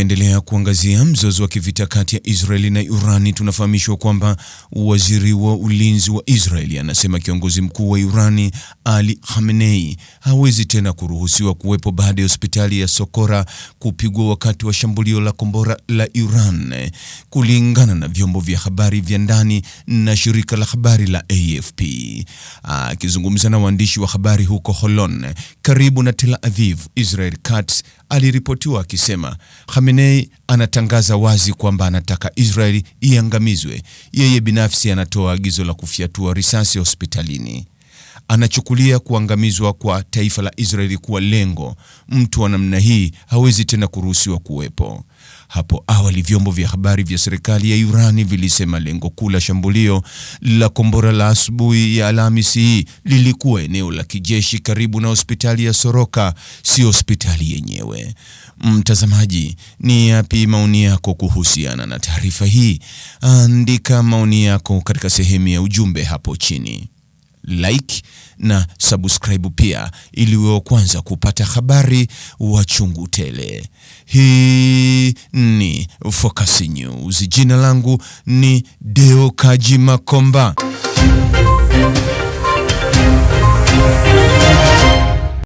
Tukiendelea kuangazia mzozo wa kivita kati ya Israeli na Irani, tunafahamishwa kwamba waziri wa ulinzi wa Israeli anasema kiongozi mkuu wa Irani Ali Khamenei hawezi tena kuruhusiwa kuwepo baada ya hospitali ya Sokora kupigwa wakati wa shambulio la kombora la Iran, kulingana na vyombo vya habari vya ndani na shirika la habari la AFP. Akizungumza na waandishi wa habari huko Holon, karibu na Tel Aviv, Israel Katz aliripotiwa akisema Khamenei Khamenei anatangaza wazi kwamba anataka Israeli iangamizwe. Yeye binafsi anatoa agizo la kufyatua risasi hospitalini anachukulia kuangamizwa kwa taifa la Israeli kuwa lengo. Mtu wa namna hii hawezi tena kuruhusiwa kuwepo. Hapo awali vyombo vya habari vya serikali ya Irani vilisema lengo kuu la shambulio la kombora la asubuhi ya Alhamisi hii lilikuwa eneo la kijeshi karibu na hospitali ya Soroka, si hospitali yenyewe. Mtazamaji, ni yapi maoni yako kuhusiana na taarifa hii? Andika maoni yako katika sehemu ya ujumbe hapo chini like na subscribe pia, ili uwe kwanza kupata habari wa chungu tele. Hii ni Focus News. Jina langu ni Deo Kaji Makomba.